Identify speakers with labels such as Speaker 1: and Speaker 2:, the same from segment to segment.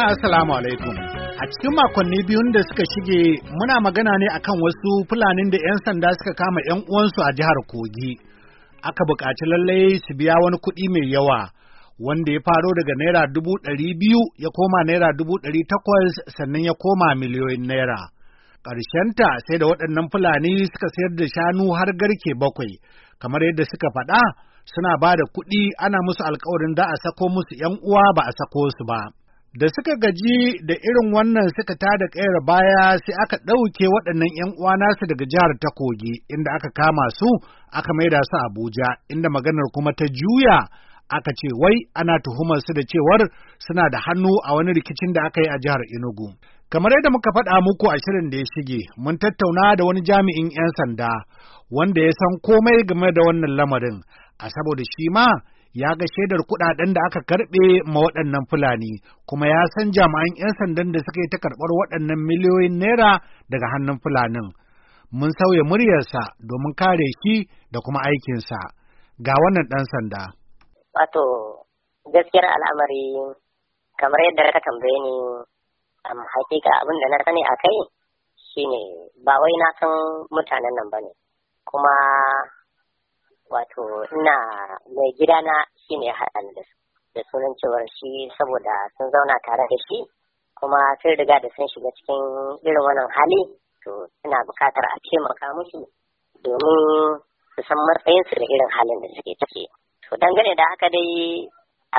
Speaker 1: Jama'a Assalamu alaikum. A cikin makonni biyun da suka shige muna magana ne akan wasu fulanin da 'yan sanda suka kama 'yan uwansu a jihar Kogi. Aka buƙaci lallai su biya wani kuɗi mai yawa wanda ya faro daga naira dubu ɗari biyu ya koma naira dubu ɗari takwas sannan ya koma miliyoyin naira. Ƙarshenta sai da waɗannan fulani suka sayar da shanu har garke bakwai kamar yadda suka faɗa suna ba da kuɗi ana musu alkawarin da a sako musu ‘yan uwa ba a sako su ba. Da suka gaji da irin wannan suka tada ƙayar baya sai aka ɗauke waɗannan ‘yan uwa nasu daga jihar ta kogi inda aka kama su aka maida su Abuja inda maganar kuma ta juya aka ce wai ana tuhumar su da cewar suna da hannu a wani rikicin da aka yi a jihar Enugu. Kamar yadda muka faɗa muku a shirin da ya shige, mun tattauna da wani jami'in ‘yan sanda wanda ya san komai game da wannan lamarin, a saboda shi ma ya ga shaidar kuɗaɗen da aka karɓe ma waɗannan Fulani, kuma ya san jami'an 'yan sandan da suka yi ta karɓar waɗannan miliyoyin naira daga hannun Fulanin. Mun sauya muryarsa domin kare shi da kuma aikinsa. Ga wannan ɗan sanda.
Speaker 2: Wato, gaskiyar al'amari kamar yadda ka tambaye ni a hakika abin da na sani a kai shine ba wai na san mutanen nan ba ne. Kuma wato ina mai gidana shi ne haɗa da su sunan cewar shi saboda sun zauna tare da shi kuma sun riga da sun shiga cikin irin wannan hali to suna buƙatar a taimaka musu domin su san matsayinsu da irin halin da suke ciki to dangane da haka dai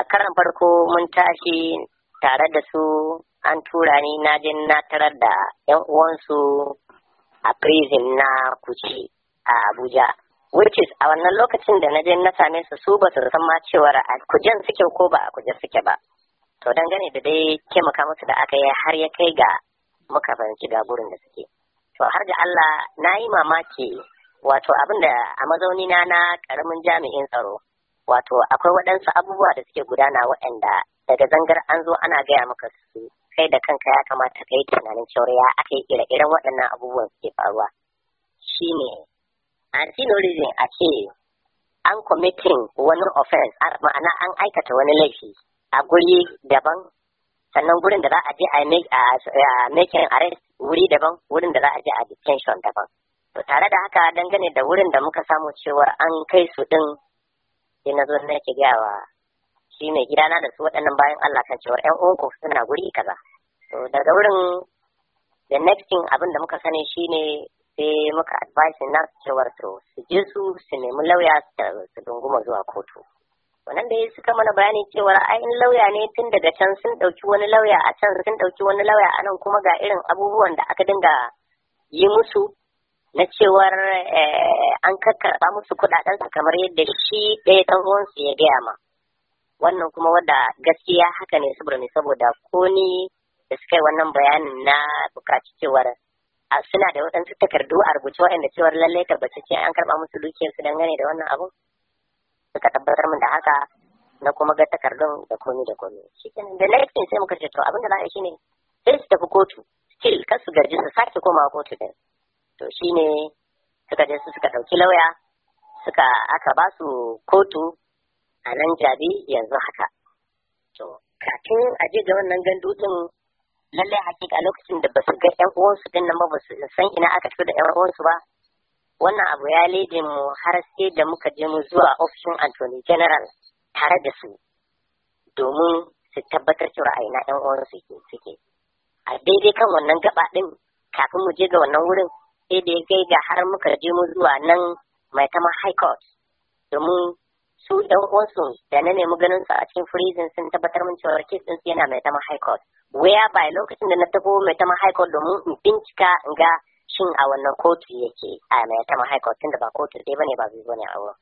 Speaker 2: a karan farko mun tashi tare da su an tura ni na je na tarar da yan uwansu a prison na kuce a abuja which is a wannan lokacin da na je na same su su ba su san ma cewar a kujen suke ko ba a kujen suke ba to dangane da dai taimaka musu da aka yi har ya kai ga muka fahimci ga gurin da suke to har ga Allah na yi mamaki wato abin da a mazauni na na karamin jami'in tsaro wato akwai waɗansu abubuwa da suke gudana waɗanda daga zangar an zo ana gaya maka su kai da kanka ya kamata ka tunanin cewar ya aka yi ire-iren waɗannan abubuwan suke faruwa shine an reason a ce an committing wani offense ma'ana an aikata wani laifi a guri daban sannan gurin da za a je a making arrest wuri daban wurin da za a je a detention daban to tare da haka dangane da wurin da muka samu cewar an kai su din sai na zo na ke gawa shi mai gidana da su waɗannan bayan Allah kan cewar ƴan uwanku suna guri kaza to daga wurin the next thing abin da muka sani shine sai muka advice na cewar to su je su su nemi lauya su dunguma zuwa kotu wannan da ya suka mana bayani cewar ayin lauya ne tun daga can sun ɗauki wani lauya a can sun ɗauki wani lauya a nan kuma ga irin abubuwan da aka dinga yi musu na cewar eh, an kakkarɓa musu kuɗaɗensu kamar yadda shi ɗaya ɗan ruwansu ya gaya ma wannan kuma wadda gaskiya haka ne saboda ne saboda ko ni da suka yi wannan bayanin na bukaci cewar suna da waɗansu takardu a rubuce waɗanda cewar lallai tabbatacce an karɓa musu dukiyarsu dangane da wannan abun suka tabbatar min da haka na kuma ga takardun da komi da komi shikenan da next sai muka ce to abin da za a yi shine sai su tafi kotu still kar su garji su sake komawa kotu din to shine suka je su suka ɗauki lauya suka aka ba su kotu a nan jabi yanzu haka to kafin a je ga wannan gandu din lallai hakika lokacin da basu ga yan uwansu din nan ba basu san ina aka fito da yan uwansu ba wannan abu ya lede mu har sai da muka je mu zuwa ofishin Anthony General tare da su domin su tabbatar cewa ina yan uwansu ke suke a daidai kan wannan gaba din kafin mu je ga wannan wurin sai da ya kai ga har muka je mu zuwa nan mai tama high court domin su yan uwansu da na nemi ganin su a cikin freezing sun tabbatar mun cewa kes din su yana mai tama high court waya ba lokacin da na tafi mai ta mahaikar domin in bincika in ga shin a wannan kotu yake a mai ta mahaikar tunda ba kotu ɗaya bane ba biyu bane a wurin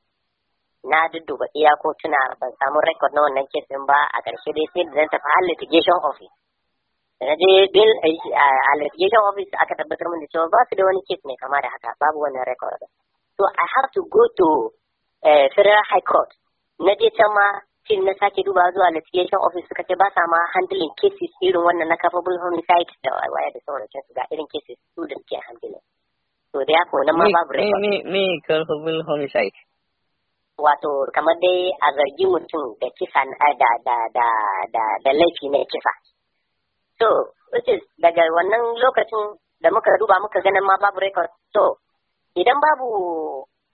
Speaker 2: na dudduba iya kotuna ban samu rekod na wannan kesin ba a ƙarshe dai sai da zan tafi har litigation office na je bil eh, a litigation office aka tabbatar min da cewa ba su da wani kes mai kama da haka babu wannan record so i have to go to eh, federal high court na je can ma din na sake duba zuwa litigation office suka ce ba sa ma handling cases irin wannan na capable homicide da waya da sauransu su ga irin cases student ke handling to da yako nan ma babu record me me culpable homicide wato kamar dai a zargi mutum da kisa da da da da da laifi na kisa so which is daga wannan lokacin da muka duba muka ganin ma babu record so idan babu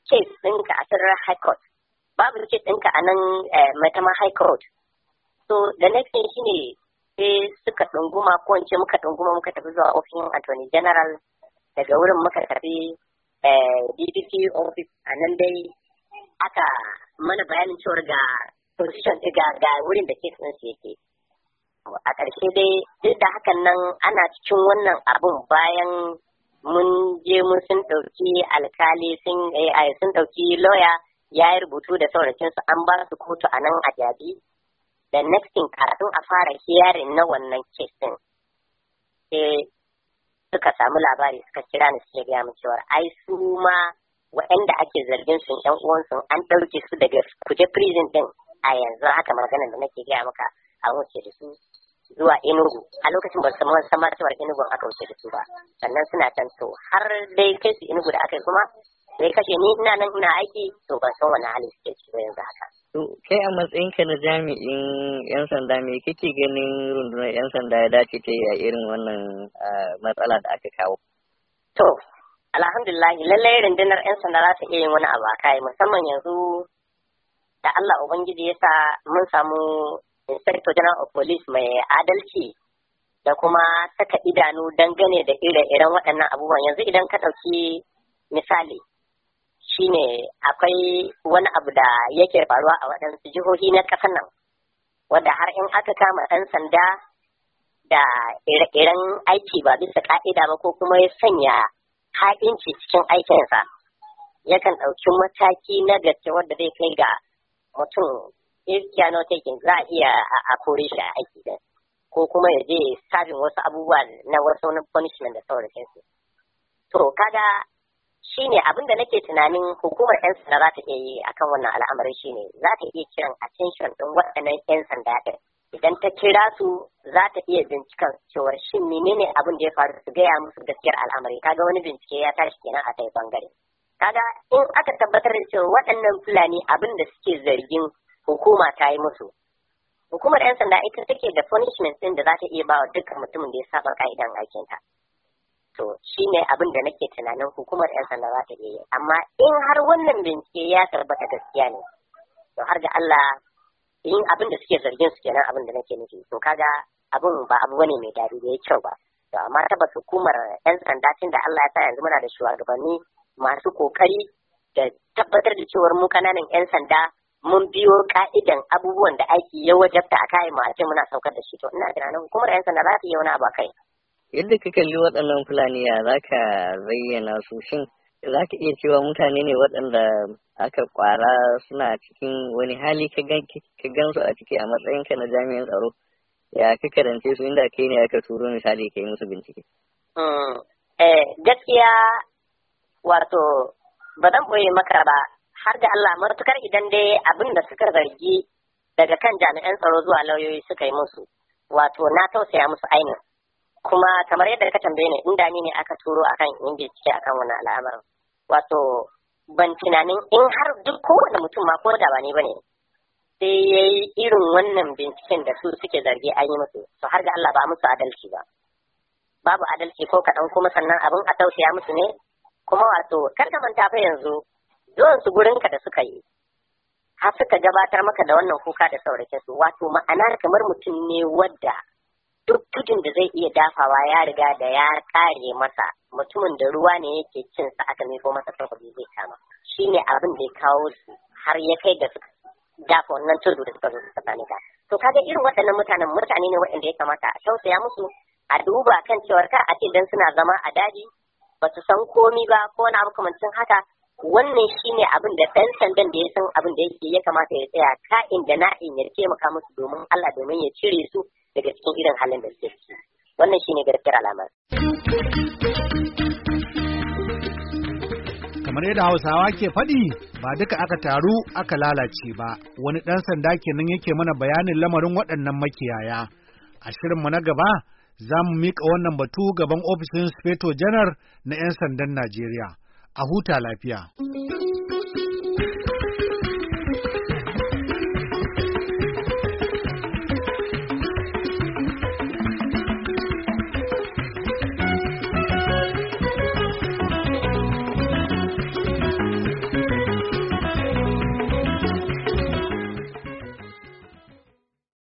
Speaker 2: case ɗinka a sirrin high court babu receipt ɗinka a nan eh, matama high court so the next thing shine sai suka ɗunguma ko in ce muka ɗunguma muka tafi zuwa ofishin attorney general daga wurin muka tafi eh, DPP office a nan dai aka mana bayanin cewar ga position ga ga wurin da case ɗin su yake a ƙarshe dai duk da hakan nan ana cikin wannan abun bayan mun je mun sun ɗauki alkali sun ɗauki lawyer ya yi rubutu da sauransu an ba su kotu a nan a jabi da next thing a fara hearing na wannan kesin sai suka samu labari suka kira ni suke gaya min cewa ai su ma waɗanda ake zargin sun ƴan uwansu an ɗauke su daga kuje prison din a yanzu haka maganar da nake gaya maka a wuce da su zuwa Enugu a lokacin ba san san samar cewar Enugu aka wuce da su ba sannan suna can to har dai kai su Enugu da aka yi kuma sai kashe ni ina nan ina aiki to ban san wani hali suke ciki yanzu haka kai a matsayinka na jami'in 'yan sanda me kake ganin rundunar 'yan sanda
Speaker 1: ya dace ta yi a irin wannan matsala da aka kawo? To,
Speaker 2: alhamdulillahi lallai rundunar 'yan sanda za ta iya yin wani abu a kai musamman yanzu da Allah Ubangiji ya sa mun samu Inspector General of Police mai adalci da kuma saka idanu dangane da ire-iren waɗannan abubuwan yanzu idan ka ɗauki misali shine akwai wani abu da yake faruwa a waɗansu jihohi na ƙasar nan wanda har in aka kama ɗan sanda da ire-iren aiki ba bisa ka'ida ba ko kuma ya sanya ha'inci cikin aikinsa yakan ɗauki mataki na gaske wanda zai kai ga mutum iskiya na wata za a iya a kore shi a aiki din ko kuma ya je sabin wasu abubuwa na wasu wani punishment da sauransu to kaga shine abin da nake tunanin hukumar 'yan sanda za ta iya yi a kan wannan al'amarin shi ne. za ta iya kiran attention ɗin waɗannan 'yan sanda ɗin idan ta kira su za ta iya binciken cewar shin menene abin da ya faru su gaya musu gaskiyar al'amari kaga wani bincike ya tashi kenan a kai bangare kaga in aka tabbatar da cewa waɗannan fulani abin da suke zargin hukuma ta yi musu hukumar 'yan sanda ita take da punishment ɗin da za ta iya ba wa dukkan mutumin da ya saba ka'idan aikinta to ne abin da nake tunanin hukumar 'yan sanda za ta iya yi amma in har wannan bincike ya tabbata gaskiya ne to har ga Allah in abin da suke zargin su kenan abin da nake nufi to kaga abin ba abu ne mai dadi da ya kyau ba to amma tabbas hukumar 'yan sanda tun da Allah ya sa yanzu muna da shugabanni masu kokari da tabbatar da cewar mu kananan 'yan sanda mun biyo ka'idan abubuwan da aiki ya wajabta a kayan mu muna saukar da shi to ina tunanin hukumar 'yan sanda za ta yi wani abu a kai yadda ka kalli waɗannan fulani ya za ka zayyana su shin za ka iya cewa mutane ne waɗanda aka ƙwara suna cikin wani hali ka gan su a ciki a matsayinka na jami'in tsaro ya ka karance su inda
Speaker 1: kai ne aka turo misali ka yi musu bincike.
Speaker 2: Hmm, eh, gaskiya wato ba zan ɓoye maka ba har da Allah matukar idan dai abin da suka zargi daga kan jami'an tsaro zuwa lauyoyi suka yi musu wato na tausaya musu ainihin kuma kamar yadda ka tambaye ni inda ni ne aka turo akan yin bincike akan wani al'amarin wato ban tunanin in har duk kowane mutum ma ko da ba ne. bane sai ya yi irin wannan binciken da su suke zargi an yi musu to har ga Allah ba musu adalci ba babu adalci ko kaɗan kuma sannan abin a tausaya musu ne kuma wato kar ka manta fa yanzu zuwan su gurinka da suka yi har suka gabatar maka da wannan kuka da saurake su wato ma'ana kamar mutum ne wadda duk gudun da zai iya dafawa ya riga da ya kare masa mutumin da ruwa ne yake cin sa aka miko masa takobi zai kama Shi ne abin da ya kawo su har ya kai da suka dafa wannan tudu da suka zo su tsakani ta to kaga irin waɗannan mutanen mutane ne waɗanda ya kamata a tausaya musu a duba kan cewar ka a ce dan suna zama a daji ba su san komi ba ko wani abu kamancin haka wannan shi ne abin da ɗan sandan da ya san abin da yake ya kamata ya tsaya ka'in da na'in ya taimaka musu domin Allah domin ya cire su daga cikin irin halin da suke ciki wannan shine gaskiyar alamar
Speaker 1: kamar yadda hausawa ke faɗi ba duka aka taru aka lalace ba wani ɗan sanda kenan yake mana bayanin lamarin waɗannan makiyaya a shirin mu na gaba za mu miƙa wannan batu gaban ofishin speto janar na 'yan sandan najeriya a huta lafiya.